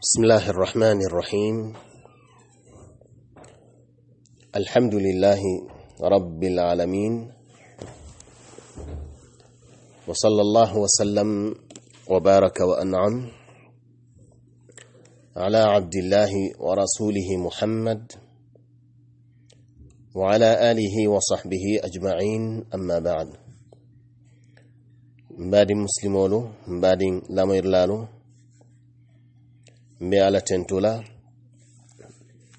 بسم الله الرحمن الرحيم الحمد لله رب العالمين وصلى الله وسلم وبارك وأنعم على عبد الله ورسوله محمد وعلى آله وصحبه أجمعين أما بعد مبادئ مسلمولو مبادئ لاميرلالو mbeyala tentula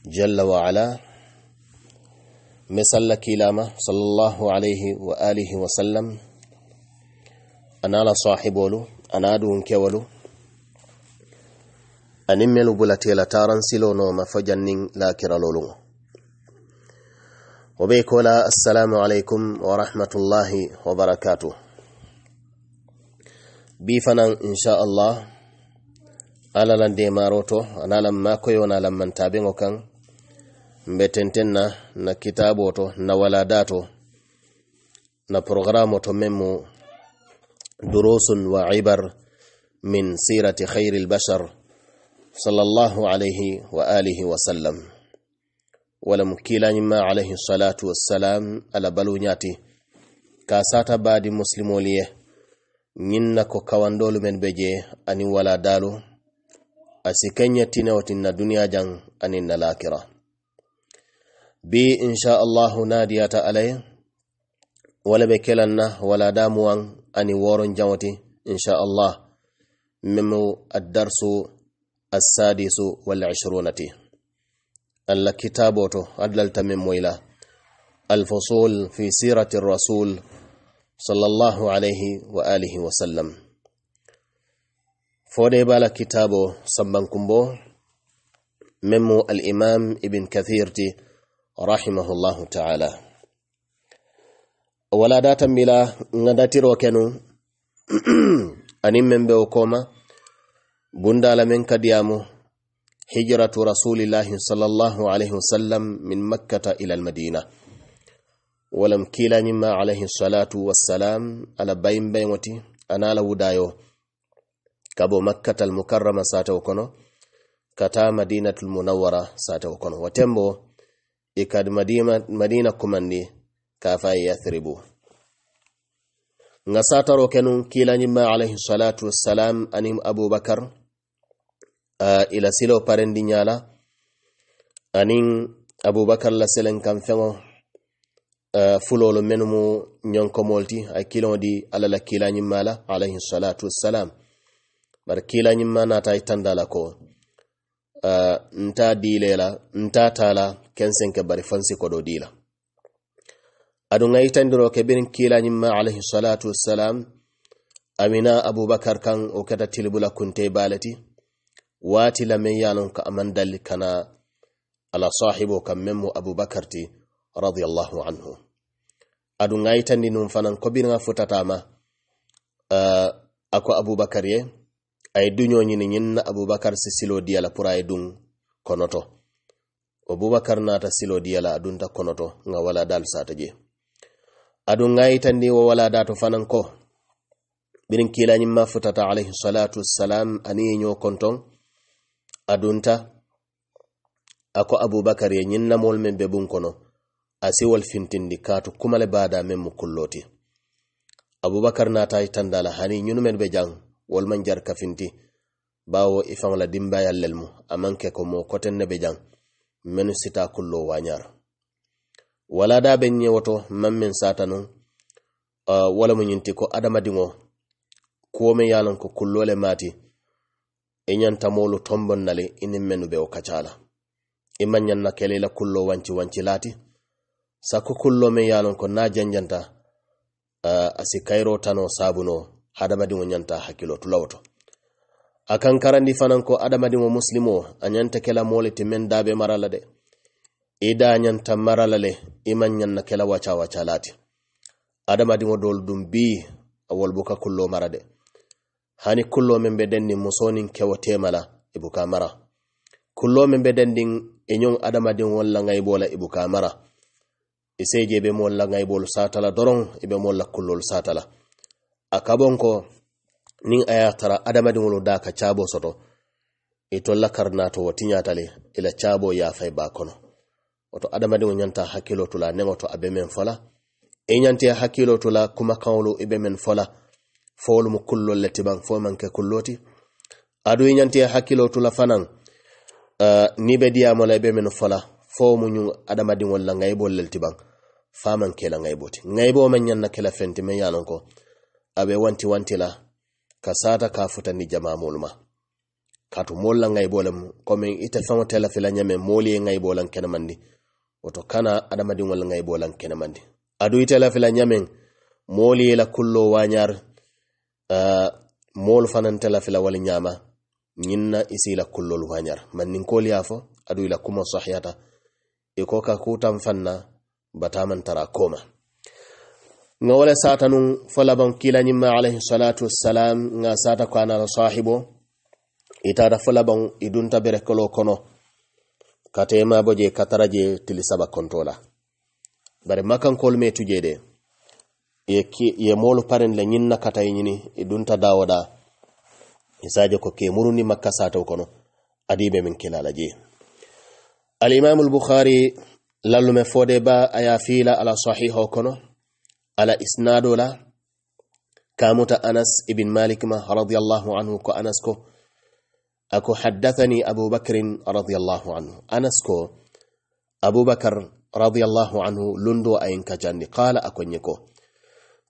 jalla wa ala misalla kilama sallallahu alayhi wa alihi wa sallam anala sahibolu anadun kewolu anin melu bulatela taran silonoma fo la kiralolu wo be kola assalamu aleykum wa rahmatullahi wa barakatuh bi fanan inchallah ala lan maroto to analan makoyo nalan mantabeŋo kaŋ mbe kan na na kitabo to na walada to na programo to memu durusun wa ibar min sirati khayri bashar sallallahu alayhi wa alihi wala walamu ma alayhi salatu wassalam ala balunyati ka sata baadi muslimoliye ye na ko kawandolu men beje ani wala dalu asikanya tina watinna dunya jan aninna lakira bi insha Allah nadiyata alay wala be kelanna wala damuwan ani woron jawati insha Allah mimu ad-darsu as-sadisu wal 20 alla kitaboto adlalta min moyla al-fusul fi sirati ar-rasul sallallahu alayhi wa alihi wa fode bala kitabo sambankumbo memo al-imam ibn kathir ti rahimahullahu ta'ala wala data mila ngadatiro kenu anin membe o koma bundala men kadiamu hijratu rasulillahi sallallahu alayhi wasallam min makkata ila al-madina walam kila nyima alayhi salatu wassalam ala bayin bayngoti anala wudayo kabo makkata almukarrama sata kono kata madinatul munawwara sata kono wotembo e kad madina, madina kumandi kafa yathribu nga sataro kenun nyimma alayhi salatu wassalam anim abubakar uh, ila silo parendi nyala anin abubakar la selen kam fulolo uh, fulolu menu mu a kilon di alala kila nyimma la alayhi salatu wassalam bari na ta nata i tandala ko uh, nta dilela nta tala ka bari fansi kodo dila tan yitandiro ke birin ma alaihi salatu wassalam amina abubakar kan o kata tilbula kunte balati wati la men ye ka aman dalli kana ala sahibo kan memmo abubakar ti radiyallahu anhu aduŋa yitandi nuŋ fanan ko biriŋa futatama uh, ako abubakar ye ay duñooñini ñinn abubakar si siloo diyala pour ay duŋ konoto abubakar naata siloo diyala adunta konoto nga wala daal saata je aduŋ ŋa yitandi wo wala daato fanaŋ ko biriŋ kiilañiŋ ma futata alayhisalatu wassalam aniŋ ye ñoo kontoŋ adunta a ko abubakar ye ñiŋ namoolu meŋ be buŋ kono asi wol fintindi kaatu kuma le baada meŋ mu kulloo ti abubakar naata yitandala hani ñunu meŋ be jaŋ walman jar kafinti bawo ifaŋo la ya lelmu, a man ke ko mo koten ne be menu sita kullo wanyar wala da be ñe woto maŋ min satanu uh, wala mu ñinti ko adama dingo ko me yalan ko kullo le maati i ñanta moolu tombon nali iniŋ menu be o kachala la i na kele la kullo wanci wanci sa ko kullo me yalan ko na janjanta uh, asikairo tano sabuno hadamadiŋo ñanta hakkilo tulawo to a kan karandi fanaŋ ko adamadiŋo musilimo a ñanta kela moolu ti meŋ daabe mara la de i da a ñanta mara la le i maŋ ñaŋ na kela waca waca la ti adamadiŋo doolu duŋ bii a wolu buka kulloo mara de hani kulloo meŋ be deŋ niŋ musooniŋ kewo teema la i buka mara kulloo meŋ be deŋ niŋ i ñoŋ adamadiŋ wol la ŋayiboo la i buka mara i se je i be moolu la ŋayiboolu saata la doroŋ i be moolu la kulloolu saata la a kabon ko akabonko nin ayatara adamadin wolo da ka cabo soto ito lakar na to watinyatale ila cabo ya fai ba kono wato adamadin wanyanta hakilo tula ne wato abe men fola enyanti ya hakilo tula kuma kawlo ibe men fola fowol mu kullol letiban fo man ke kulloti adu enyanti ya hakilo tula fanan uh, ni be diya mola ibe men fola fo mu nyun adamadin wala ngaybo fa faman ke la ngayboti ngaybo men nyanna kala fenti men yanon ko abe wanti wantila ka sata ka futani jamamul ma katu molla ngai bolam ko min ite famo tela fila nyame moli e ngai bolan kenamandi oto kana adama din wal ngai bolan kenamandi adu ite e la fila nyame moli la kullo wanyar uh, mol fanan tela fila wal nyama nyinna isi la kullo wanyar manin koli afo adu ila kuma sahiyata e ko ka kutam fanna bataman tara koma nga wala sata nun falaban kilani ma alayhi salatu wassalam nga sata ko ana sahibo itada falaban idunta bere kolo kono kate ma boje kataraje tili saba kontola bare makan kol me tujede ye ki ye molu parin la nyinna kata yini idunta dawada isaje ko ke muruni makka sata kono adibe min kilalaje al imam al bukhari lalume fode ba aya fila ala sahiho kono على إسنادولا لا كاموتا أنس ابن مالك ما رضي الله عنه كأنسكو أكو حدثني أبو بكر رضي الله عنه أنسكو أبو بكر رضي الله عنه لندو أين كجاني قال أكونيكو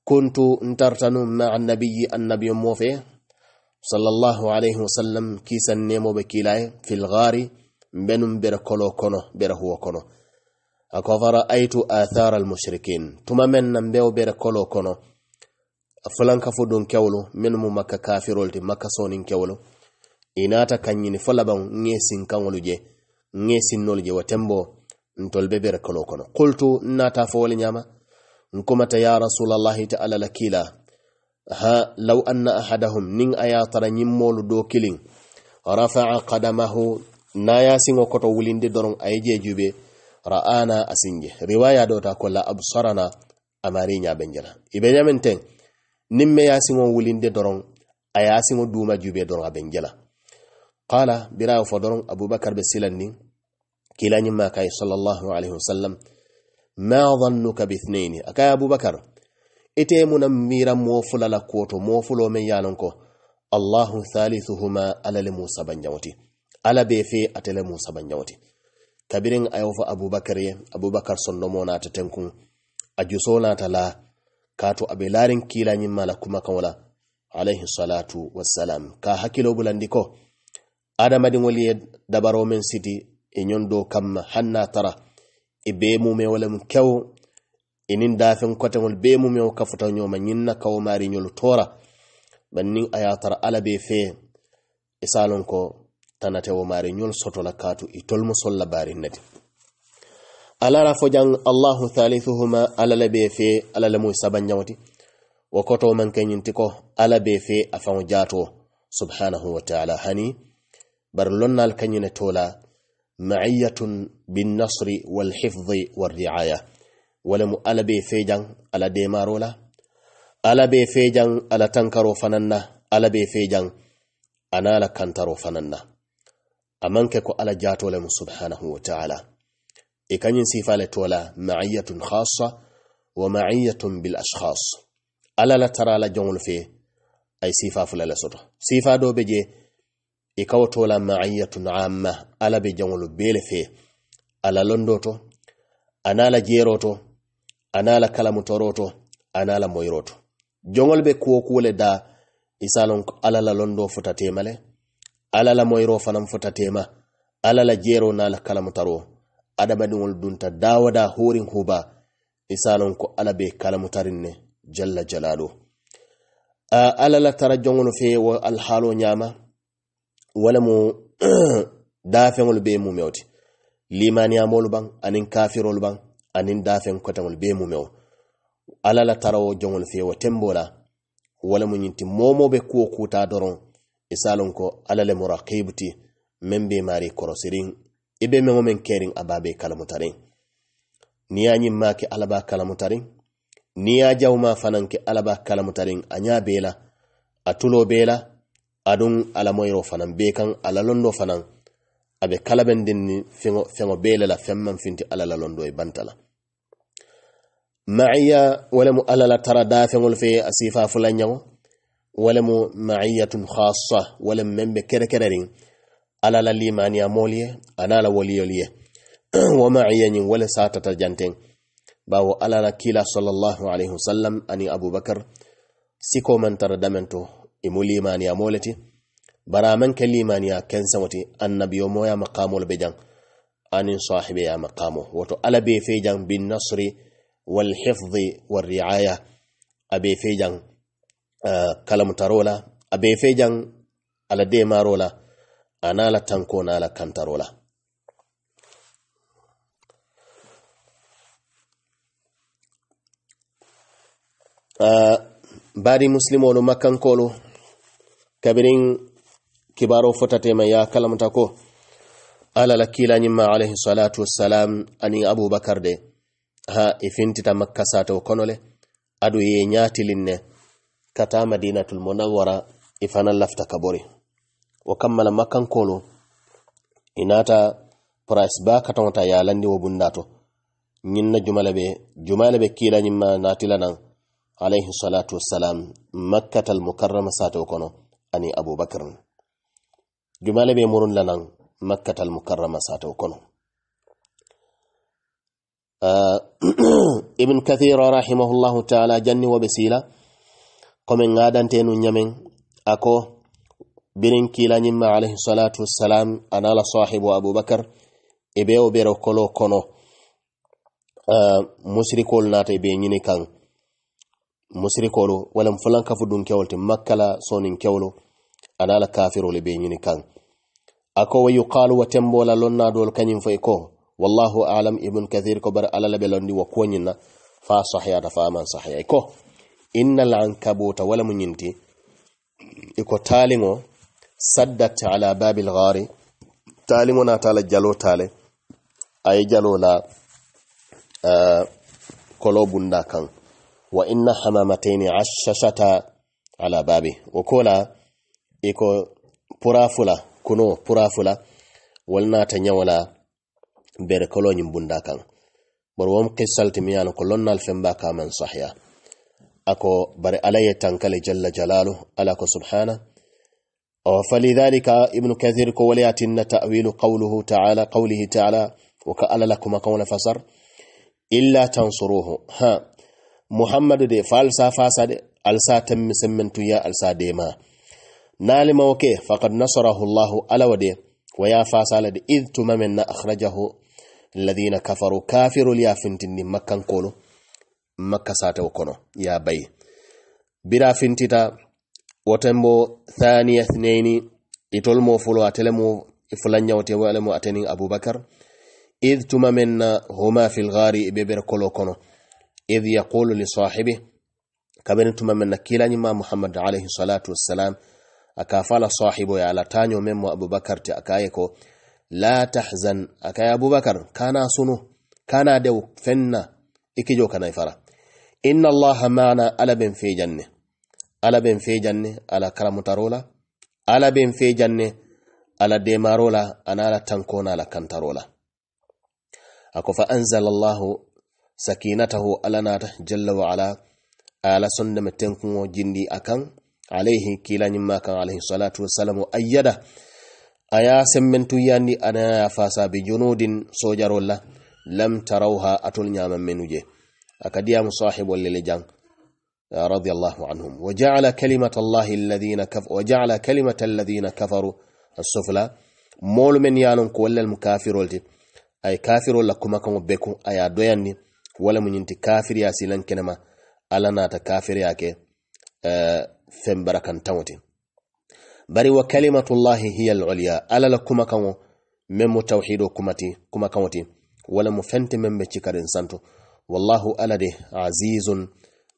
كنت انترتن مع النبي النبي موفي صلى الله عليه وسلم كيسا نيمو بكيلاي في الغار بنم بركولو كونو بره هو كونو akofara aitu athara almushrikin tuma men nan bew bere kolo kono fulanka ka fudun kewlo min mu makka kafirol ti makka sonin kewlo inata kanyini folaban nge sin kanwolu je nge sinnolu je watembo ntol be bere kolo kono qultu nata fo wol nyama nkumata ya rasulallahi ta'ala lakila ha law anna ahadahum nin aya tara nyimmolu do kilin rafa'a qadamahu na yasingo koto wulinde doron ayeje jube ra'ana singe riwaya do ta kolla absarana amari nya bengena ibe nyamenten nimme ya wulin wulinde doron aya singon duma jube doron a bangira qala bira ya fadoron abubakar silan ni kilanin ma kai sallallahu alaihi wasallam ma ka bi ithnaini akai abubakar ite munam mira mo fulala koto mo fulo men ko allahu thalithuhuma alal musa banjawti ala be fe atele musa banjawti kabirin a yau fa abubakar ye abubakar na ta tankun a juso ta la kato abe larin kila min mala kuma kan wala alaihi salatu wassalam ka hakilo bulandi ko adamadin wali ya dabaro men siti e do kamma hanna tara e be mume wala mu kew inin e dafin kwatangol be mume o kafuta nyoma na kawo mari nyol tora bannin ayatara ala be fe isalon e ko tanate wo mari nyol soto sotola katu itol musol la bari nati ala rafo jang allahu thalithuhuma ala labe fe alala mu sabanjawti wa koto man kanyinti ko ala be fe afan jato subhanahu wa ta'ala hani bar lonnal kanyina tola ma'iyatun bin nasri wal hifz war ri'aya wala mu ala be fe jang ala de marola ala be fe jang ala tankaro fananna ala be fe jang ana la kantaro fananna amanke ko ala jatole mu subhanahu wa ta'ala e kanyin sifale tola ma'iyatun khassa wa ma'iyatun bil ashkhas ala la tarala jongul fe ay sifa fulale soto sifa do beje e kaw tola ma'iyatun amma ala be jongul bele fe ala londoto anala jeroto anala kalamu toroto anala moyroto jongol be kuwo kuwole da isalon e ala la londo futatemale male alala moyro fanam fota tema alala jero na ala kalamutaro adamadiŋol dunta dawada horin huba isalon ko ala be kalamutarin ne jalla jalalu a alala tara joŋolu fe wo alhaalo ñama wala mu dafeŋol be mumewti limaniyamolu baŋ aniŋ kafirolu baŋ aniŋ dafeŋ kotaŋol be mumewo alala tara wo joŋol fe wo tembo la wala mu ñinti momo be kuwo kuta doroŋ misalin ko alale muraqibti min bai mari korosirin ibe min men kerin ababe kalamutarin ni ya maki alaba kalamutarin ni ya jawma fananke alaba a anya bela atulo bela adun alamoyro fanan bekan kan alalondo fanan abe kalabendin ni fengo fengo bela la femman finti alalalondo e bantala ma'iya wala mu alala tara da fengol fe asifa fulanyawo walemu ma'iyatun khassa walem membe kere kere rin ala la limaniya moliye ana la yoliye wa ma'iyanyin wale sata ta janten bawo ala la kila sallallahu alaihi wasallam ani abubakar siko man tara damento imu limaniya moleti bara man ke limaniya kensan wati yo moya maqamu be jang anin sahibe ya maqamo wato ala be fe bin nasri wal hifdhi wal riaya abe fe Eh, a befejan fejan ala demarola la tanko nala kantarola uh, eh, bari muslimolu makkankolu kabirin kibaro fotatema ya kalamta ko ala la kilañimma alayhi salatu wassalam ani abubakar de ha ifintita makkasato konole adu ye ñatilin ne kata madinatul munawwara ifana lafta kabore wa kammala makkan kolo inata price ba katonta yalandi wa bundato ñinna jumala be jumala be kiilañimma natila nan alayhi salatu wassalam makkatal mukarrama sato kono ani abubakar jumala be murun lanan makkatal mukarrama sato kono ah, ibn kathir rahimahullahu taala janni wa basila komin ŋadantenu a ako birin kilañimma alayhi salatu wassalam la sahibu abubakar ebe ɓe o bero kolo kono uh, eh, musirikolu naata e be ñini kan musirikolu walam fulan kafu ɗum makala sonin makkala ana la anala kafirolu be ñini kan ako wa yuqalu wa tembola lonnaɗol kañum fo e ko wallahu alam ibnu kathir ko bar alala ɓe londi wa kuwoñinna fa sahiyata fa man sahiya ko innal bota wala munyinti iko talingo saddat ala babil ghari talingo na tala jalo tale ay jalo la uh, kolobunda kan wa inna hamamatayn ashashata ala babi kola iko purafula kuno purafula walna ta nyawala ber kolonyin bunda kan wom qissalti miyan kolonnal fembaka man sahya ako bare ala tankale jalla jalalu ala ko subhana o falidhalika ibnu kathir ko wala yatinna ta'wilu qawluhu ta'ala qawlihi ta'ala wa ka ala lakum qawla fasar illa tansuruhu ha muhammadu de falsa fasa alsa tammi semmentu ya alsa de ma nalima oke faqad nasarahu allah ala wade wa ya fasa de idh tumamin akhrajahu alladhina kafaru kafiru liyafintin makkan kolo makasa ta kono ya bayi bira fintita wotembo thaniya thnaini itol mo fulo atelemo mo fulanñawte alemo id tuma men huma fil ghari ibe kolo kono id yaqulu li sahibi kabeni tuma men na kilañima muhammad alayhi salatu wassalam aka fala sahibo ye ala taño men mo aboubacar te akaye ko la tahzan akaya abubakar kana sunu kana dew fenna ikijo kana inna allaha mana ala bin fe janne ala ben fe janne ala karamutarola ala ben janne ala demarola ana ala tankona ala kantarola ako fa anzala na sakinatahu ala nata jalla wa ala ala sonda metenkuŋo jindi akan alayhi kilañimma kan alayhi salatu wassalamu ayyada aya semmentuyandi ya fasa bi junudin sojarola lam tarawha atol ñaman menu je a sahibun lilijan radiyallahu anhum wa ja'ala kalimata allahi alladhina kafaru wa ja'ala kalimata kafaru as-sufla molu men yanon ko mu mukafirolti ay kafirol la kuma kan beku aya doyanni wala munyinti kafir ya silan kenema ala nata kafir yake uh, eh, fembarakan tawti bari wa kalimatu llahi hiya al-ulya ala la kuma kan memu tawhido kuma kanwati wala mu fenti membe cikarin santo wallahu alade azizun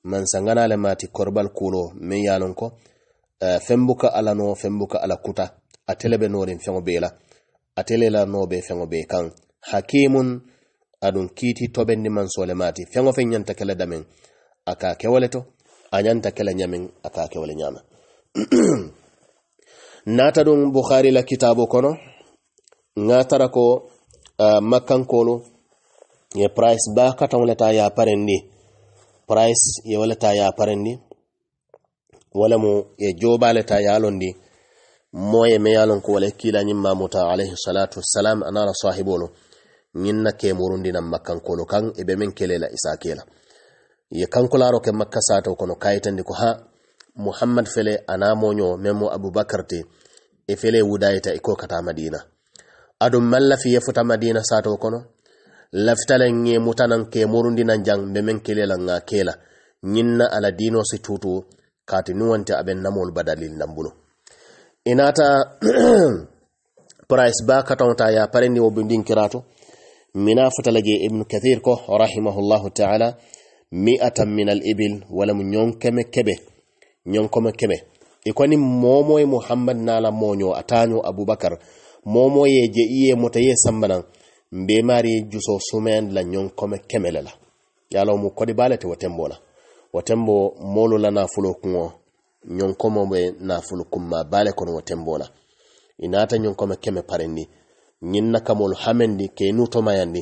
man sanganale mati korbal kulo min yalon ko uh, eh, fembuka ala no fembuka ala kuta atele be norin fengo bela la atele la no be fengo be kan hakimun adun kiti toben ni man sole mati fengo fen nyanta kala damen aka kewale to anyanta kala nyamen aka kewale nyama nata dun bukhari la kitabo kono ngatara ko uh, eh, makankolo ye price ba kata wala ya parendi price ye wala ta ya parendi wala mu ye joba le ta yalondi mo ye me yalon ko wala kila nyi mamuta alayhi salatu wassalam anara sahibolo nyinna ke murundi na makkan kolo kan e be men kelela isa kela ye kan ko laro ke makka sata ko no kayitandi ko ha muhammad fele ana moño men mo abubakar te e fele wudayita e ko kata madina adum malla fi yefuta madina sata ko no laftalen ye mutanan ke murundinan jang me men kelela nga kela nyinna ala dino si tutu kati nuwante aben namol badalil lambulu inata price ba katonta ya parendi wo bindin kirato mina fatalage ibn kathir ko rahimahullahu ta'ala mi'atan min al-ibil wala mu ñon kebe ñon kebe ikoni momoy muhammad nala moño atanyo abubakar momoye je iye motaye sambanan mbemari juso sumen la ñon kome kemele la yalaw mu kodi bale te wotembo la wotembo molu la nafulo kuŋo ñon komo be nafulu kumma bale kono wotembo la inata ñon kome keme parendi ñin nakamolu hamendi ke nutomayandi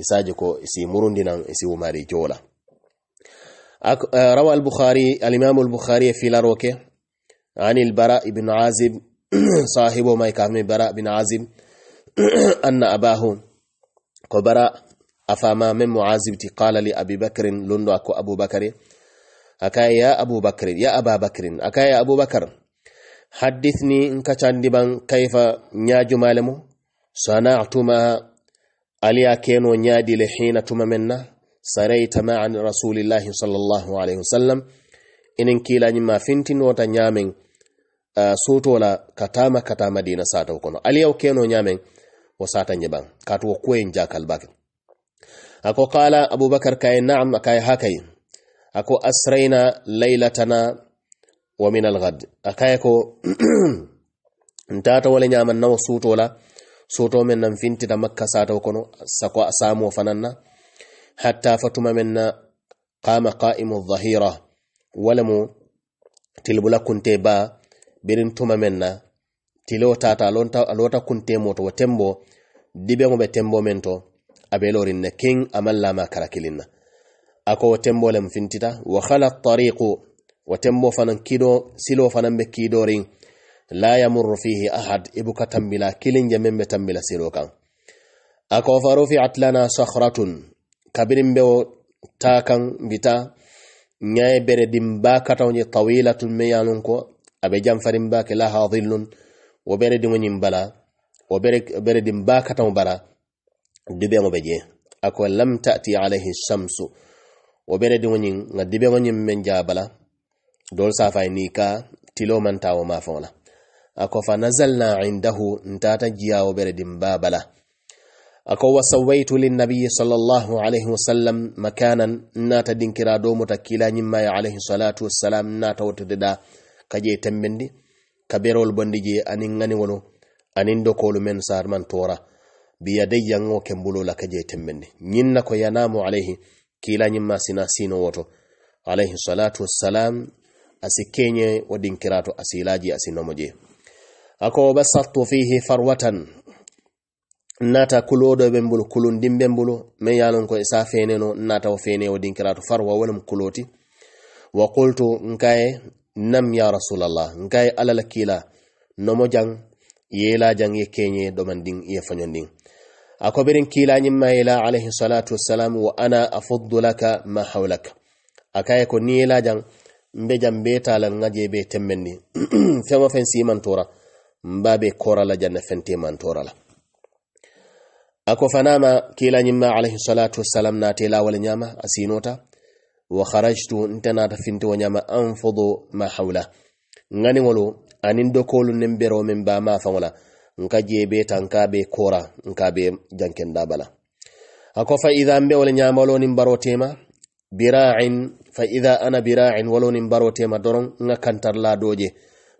isaji ko isi murundinan isi wumari jola Uh, روى البخاري الإمام البخاري في لاروكي عن البراء بن عازب صاحب ما يكافي براء بن عازب أن أباه kobara afama min mu'azibti qala li abi bakrin londo ako abubakare akaya ya abubakrin ya ababakrin akaya ya abubakar hadithni in kacandiban kayfa ñajumalemo sana'tuma aliya keno ñadile hina tuma menna sarayta ma an rasulillahi sallallahu alayhi wasallam inin kilañima fintinota ñamen uh, ah, sotola katama kata madina sataw kono aliya keno nyamen wasata nyeban katuwo kuwen jakal bake ako kala abubakar kay na'am kay hakay ako asrayna laylatana wa min alghad akay ko ntata wala nyaman nawo suto la soto men nan da makka sato kono sako samo fananna hatta fatuma menna qama qa'imu dhahira walamu tilbula kunte ba birin tuma menna tile wo tata a lota kuntemo to wo tembo dibeŋo be tembo men to a be lorin ne king amaŋ lama kara kilin na a ko tembo lem fintita wa hala tariqu wa tembo fanaŋ kido silo fanaŋ be kidoriŋ la yamurru fihi ahad i buka tambila kilin je meŋ be tambila silo kaŋ a ko fa rufiat kabirin be ta bita ŋaye bere dimba kataŋo je tawilatun meŋ ye a loŋ ko a be farin baki laha wo bere dimo ñim bala wo bere dim ba katamo bara dibeŋo be je ako lam tati alayhi shamsu wo bere dimo ñin ŋa dibeŋo ñim men ja bala dol safay ni ka tilo mantawo mafeŋo la ako fa nazalna indahu ntata jiya wo bere dim ba bala ako wa sawaitu linnabiyi salallahu alayhi wasallam makanan nnata dinkira domuta kila ñimmaye alayhi salatu wassalam nnata wotodeda kaje tembendi kaberol bondiji anin ngani wono anin dokolu men sar man tora biya de yango kembulo la kaje temmenne nyinna ko yanamu alayhi kila nyimma sina sino woto alayhi salatu wassalam asikenye odin kirato asilaji asinomoje ako basattu fihi farwatan nata kulodo be mbulu kulun dimbe mbulu me yalon ko isa feneno nata o fene odin kirato farwa wala mkuloti wa qultu ngaye nam ya rasulallah ngai alala kila nomo jang yela jang ye kenye domanding ye fanyonding akobirin kila nyimma ila alayhi salatu wassalam wa ana afuddu laka ma hawlak akaye ko ni yela jang mbe jam be talal ngaje be temmendi fema fen siman tora mbabe korala janna fente man la ako fanama kila ma alayhi salatu wassalam na tela wal nyama asinota wa kharajtu ntana ta finto wanyama anfudu ma hawla ngani wolo anin dokolu nin bero min ba ma nka be kora nka be janken ako fa idha mbe wala nin baro tema bira'in fa idha ana bira'in wala nin baro tema doron nga kantar la doje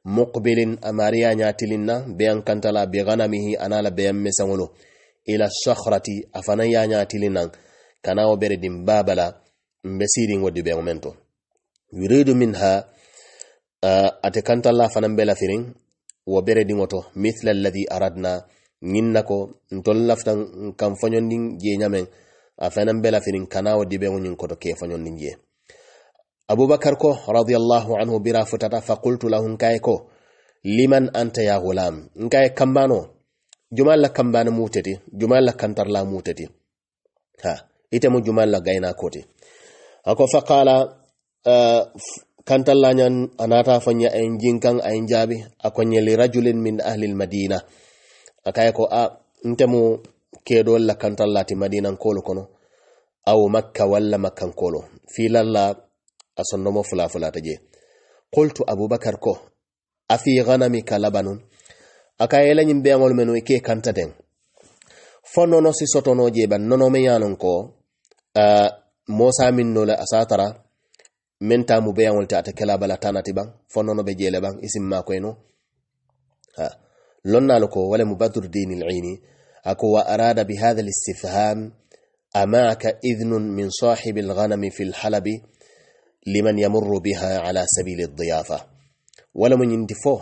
muqbilin amariya nyatilinna be an kantala bi mihi anala be yamme sangolo ila shakhrati afana ya nyatilinna kana obere babala mbesiri ngodi be momento yuridu minha uh, atekanta la fana mbela firin wo bere moto mithla alladhi aradna nginna ko kam fanyon ding je nyamen afana mbela firin kana kanawo dibe ngun ko to ke fanyon ding je abubakar ko radiyallahu anhu bira futata faqultu lahu kay ko liman anta ya gulam ngay kambano jumal la kambano mutete jumal la kantar la mutete ha ite mo jumal la gayna koti ako fakala eh, kantallañan anata foña en jinkan ayin jaabi ako ñeli rajulin min ahli lmadina akaye ko a ntemu kedol la kantallati madinankolo kono awo makka walla makkankolo filalla asonnomo fulafulata je qultu abubakar ko afi ganamika labanun aka yelañin beŋol menu ike kanta den fo nono si sotono je ban nonomeyanon ko uh, mosa min no la asatara men ta mu be yan wolta ta kala bala tanati ban fonno no be jele ban isim ma ko eno ha lonna lako wala mubadur dinil aini ako wa arada bi hadha al-istifham amaka idhnun min sahib al-ghanam fi al-halab liman yamurru biha ala sabil ad-diyafa wala mun yindifo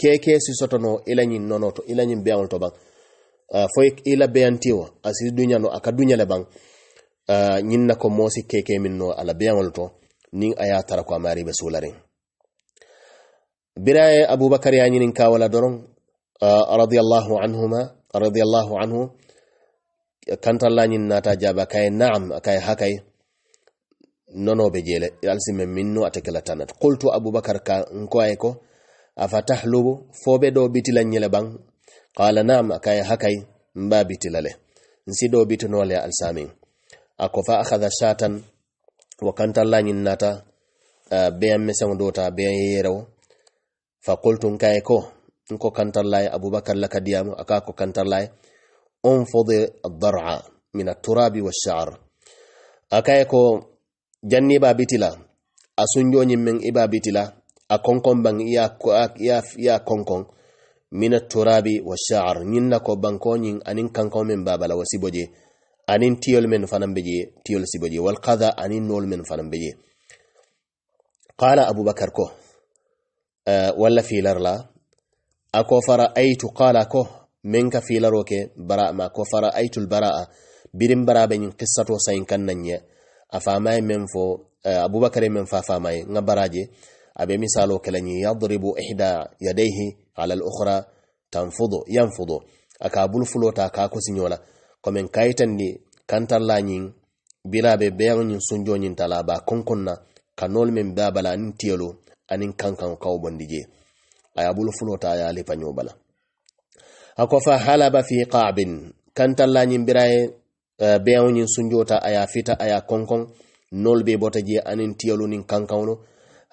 keke si sotono ilanyin nonoto ilanyin be yan wolto ban foy ila beyantiwa asi dunya no aka dunya le ban Ah, ñin na ko moosi keke min no ala beyaŋol to niŋ a ye a tara ko a maari be suulariŋ bira ye abubakar ye a ñiniŋ ka wala doroŋ ah, radiallahu anhuma radiallahu anhu kantalla ñiŋ naata jaaba ka ye naam ka ye hakay nono be jele alisi meŋ min no ate ke la tannat qultu abubakar ka nko a ye ko afatahlubu fo be do bitila ñele baŋ qala naam ka ye hakay mba bitila le nsi do bitino le alisamiŋ ako fa akhadha shatan wa kanta la nyin nata eh, bayan misan dota bayan yero fa qultu kai ko nko kantar lai abubakar laka diyamu aka ko kantar um unfudi ad-dar'a min at-turabi wash-sha'r aka ko janni babitila bitila asunjo nyin min ibabitila bitila a konkon ban iya iya iya konkon min at-turabi wash-sha'r nyin ko banko anin kanko min babala wasiboje Ani tiyol men fanan be je tiyol sibo je wal qada anin nol men fanan be qala abubakar ko eh, walla filarla ako fara aitu qala ko min ka filaro ke bara ma ko fara aitul bara'a birin bara be nyin qissato sayin kannan ye afama men fo eh, abubakar men fa fama nga baraje abe misalo kelanyi yadribu ihda yadayhi ala al-ukhra tanfudu yanfudu aka bulfulo ta ka ko sinyola komin kayitandi kantallañin bilaɓe beeŋoñin sunjoñin tala ba konkon na kanol min babala anin tiyolu anin kankan kawbondi je ayabulu fulota ya lifaño bala ako fa halaba fi qabin kantallañin biraye e, beeŋoñin sunjota aya fita aya konkon nol be bota je anin tiyolu nin kankanlu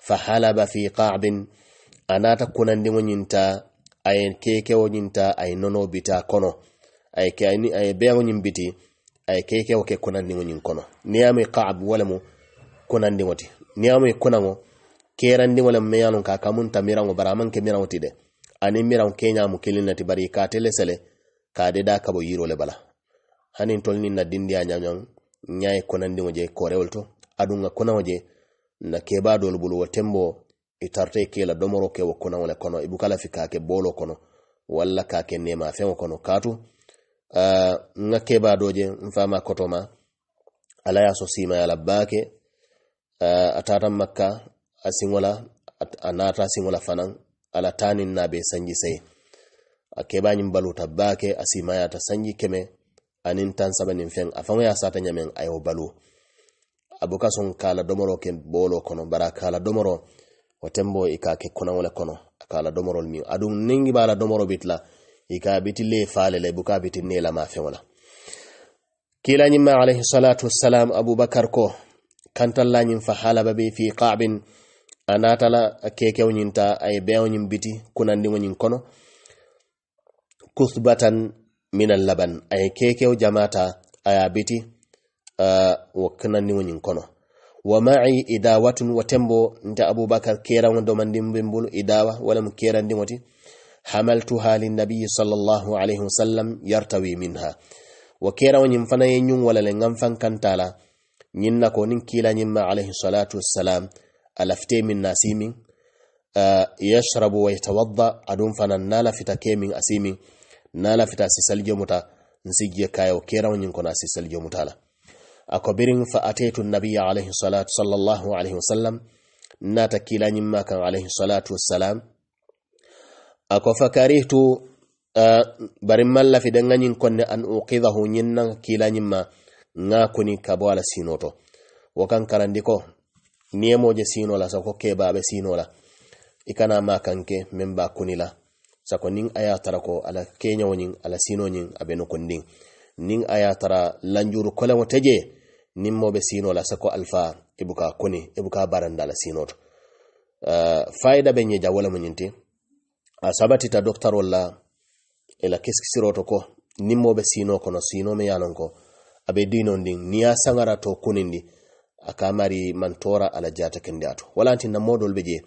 fa halaba fi qabin anata kunandiŋoñinta aye kekewoñinta aye nono bita kono aykeani ay beeŋo ñiŋ biti ay ke kewo ke konandiŋo ñiŋ kono niyamay ye walamu kaabu wo lemu konandiŋo ti niŋ ye moyi konaŋo ka kamun ka munta miraŋo ke mirawti de ani miraw keñaamu kiliŋ ne bari ka ate sele ka de da kabo yiro le bala haniŋ tolu niŋ na dindiya ñañaŋ ña ye konandiŋo je korewolu to aduŋ ŋa konaŋo je na kebaa doolu bulu wo tembo i ke la domoro ke wo konaŋo le kono ibukala fika ke bolo kono walla ka a ke neema feŋo kono katu nga kebaadoje nfama kotoma ala ya so simayala baake atata makka asiŋola a naata siŋola fanaŋ ala taanin nabe sanji sey a kebañiŋ baluta baake asimayata sanji keme aniŋ tan sabaniŋ feŋ afaŋo ye sata ñameŋ ayo balu a buka soŋ kala domoro ke boolo kono bari a kala domoro wo tembo i ka ke kunaŋo le kono a kala domorolu miŋ aduŋ niŋ i be a la domoro bitila ikabiti le falele bukabiti nela mafewla kilañimma alayhi salatu wassalam aboubacar ko kantallañin fa halababe fi qabin a natala kekewñinta ay bewñin biti kunandiŋoñin kono kusbatan min allaban ay kekew jamata aya biti uh, wo kunandiŋoñin kono wa ma'i idawatun wa tembo nte aboubacar keraŋo domandimbembulu idawa walamu kerandiŋoti hamaltu linnabiyi sallallahu alayhi wasallam yartawi minha wa kera wonyin fana yenyun walale ngam fan kantala nyinna ko nin kila nyimma alayhi salatu alafte min nasimin yashrabu wa yatawadda adun fana nala fita kemin asimin nala fita sisalje muta nsigiye kayo kera wonyin kona sisalje mutala akobirin fa ataitu nabiyya alayhi salatu sallallahu alayhi wasallam nata kila nyimma kan alayhi ako fa karihtu uh, barin malla fidan ganyin konne an uqidha hu nyinna kila nyimma nga kuni kabo ala sinoto wakan karandiko niye moje sinola sa ko ke babe sinola ikana ma kanke memba kunila sa ko nin aya tarako ala kenya wonin ala sinonin abenu kundin nin aya tara lanjuru kole mo teje nin mobe sinola sa ko alfa ibuka kuni ibuka barandala sinoto uh, faida benye jawala mo nyinti asabati ta doctor walla ila siroto ko nimmoɓe sino ko kono sinome yalon ko abe dinon ndin niya sagara to kunindi akamari mantora ala jata kendi ato walanti na modol beje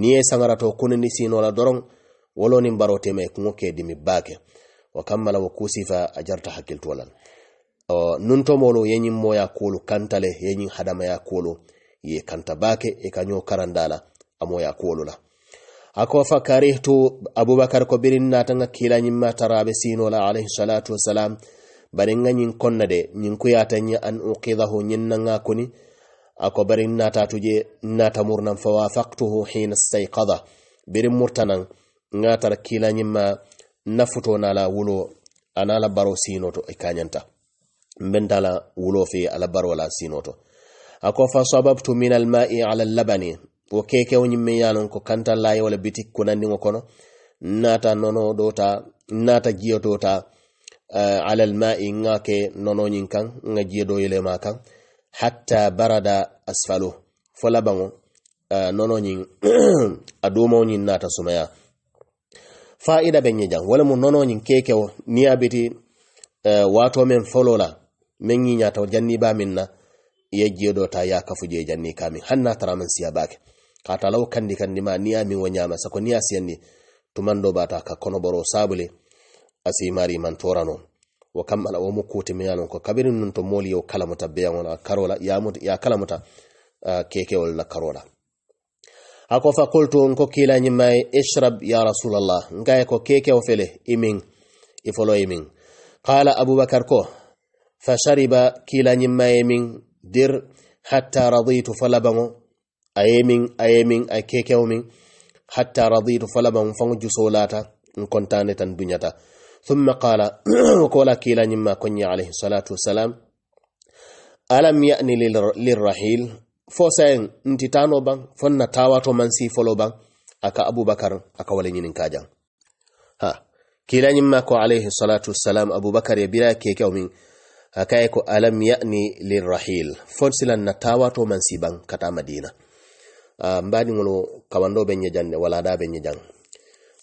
niye sagara to kunindi sino la doron wolo wolonin barote me kuŋo ke dimi bake wa kamala wa kusifa ajarta hakil jarta o nun to tomolo yeñin moya kulu kantale hadama ya kulu ye kanta baake e kanyo karandala amoya moya la akofa karihtu abubakar ko birin natanga kilañimma taraɓe sinola alayhi salatu wasalam barin ga ñin konna de ñin nyi an uqidahu ñinnanga kuni ako barin na nata murnan fa wafaktuhu hina stayqada birin murtanan nga tara kilañimma nafuto nala wulo la baro sinoto e kañanta mbentala wulo fi ala baro la sinoto ako fa sababtu min al ma'i ala labani wo kekewo ñimmen yanon ko kantallaye wala bitik ko nandi ngo kono nata nono ɗota nata jiyo ɗota uh, alal mai nga ke nonoñin kan nga jiyo ɗo yelema kan hatta barada asfalo fo labango uh, eh, nonoñin a dumoñin nata sumaya faida ɓe ñejan wala mu nonoñin kekewo niya biti uh, eh, wato men folola men ñiñataw janni bamin na ye jiyo ɗota yakafu jeye janni kamin hanna taraman siya bake katalau kandi kandi ma niya min wanyama sako niya siyanni tumando bata ka kono boro sabule asi mari man no wa kammala wa kuti miyanon ko kabirin nun moli yo kala mutabbiyan wala karola ya ya kalamuta keke wala karola hako fa kultu nko kila nyimai ishrab ya rasulallah ngaye ko keke ofele iming ifolo imin qala abubakar ko fashariba kila nyimai iming dir hatta radhitu falabango ayemin ayemin a kekewmin hatta raditu falaban fangu jusolata in kontane tan dunyata thumma qala kola kila nyimma konya alayhi salatu wassalam alam ya'ni lirrahil fo sayin nti tano ban fonna tawato man si folo ban aka abubakar aka wala nyinin kajan ha kila nyimma ko alayhi abubakar ya bila kekewmin hakaye ko alam ya'ni lirrahil fo madina mbaaniŋolu kawando be ñejaŋ ne walaada be ñejaŋ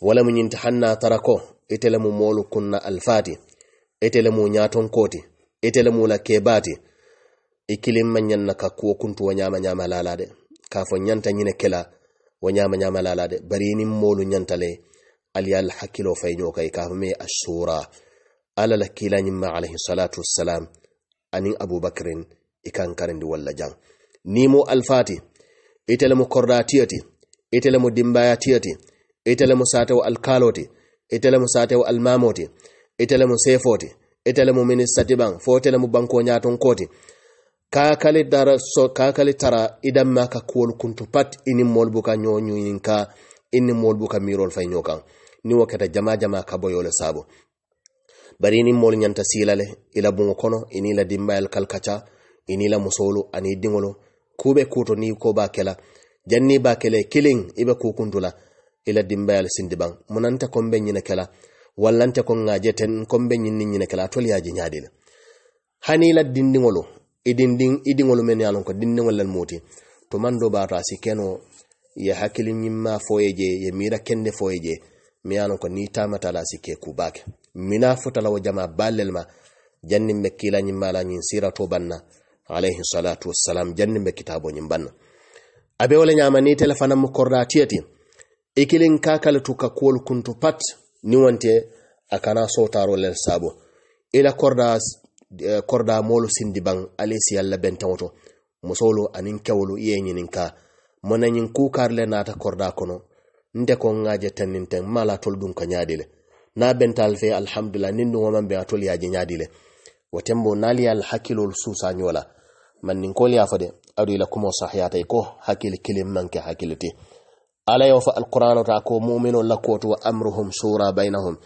wo lemu ñinti haŋ na tara ko ite lemu moolu kunna alfaati ite lemu ñaatonkoti ite lemu la keebaati i kiliŋ maŋ ñaŋ na ka kuwo kuntu wo ñaama ñaama laala de ka fo ñanta ñine ke la wo ñaama ñaama laala de bari i niŋ moolu ñanta le ali ye a la hakkiloo fayiño kai ka fo meŋ assuura alla la kiilañiŋ ma alayhisalatu wassalam aniŋ abubakirin i kankarindi wo la jaŋ niŋ mo alfaati itele mu kordatiyoti itele mu dimbayatiyoti itele mu satewo alkaloti itele mu satewo almamoti itele mu sefoti itele mu ministati ban fo itele mu banko ñaton koti kakali dara so kakali tara idan ma ka kuwol kuntu pat ini mol buka ño ñuyin ka ini mol buka mirol fay ño kan ni wo keta jama jama ka boyole sabo bari ni mol ñanta silale ila bungo kono ini la dimbayal kalkaca ini la musolu ani diŋolu kuɓe kutoni ko bakela janni bakele kilin ibe kukuntula ila dimbayal sindiban munanta kombe nyina kala wallante ko ngaje ten kombe nyinni nyina kala tol yaji nyadil hani la dindi ngolo idindin idingolo men yalon ko dindi wallal moti to man do bata si keno ya hakili nyimma foyeje ya mira kende foyeje mi yalon ko ni tamata la si ke kubake mina futa la wajama balelma janni mekila nyimma la nyin sira to banna alayhi salatu wassalam janni be kitaboñin banna abe wala ñamani tele fana mu tiyati ikilin kakal tuka kol kuntu pat ni wonte a kana sotaro lel sabo ila korda eh, korda molu sindi ban alisi alla bentawoto musolu anin kewolu iye ñinin ka monañin kukar le nata korda kono nte ko ŋaje tenninten mala tol dun ka ñaadi na bental fe alhamdulillah nin ɗum woman be a tol yaji ñaadi le wo tembo man ni koli ya de adu ila kuma sahiyata ko hakil kilim manke hakilati ala yaw fa ta ko mu'minu lakotu wa amruhum shura bainahum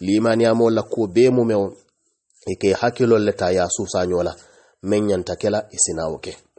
liman ya mo lakko be mu mew ike hakilol leta ya susanyola menyan takela isinawoke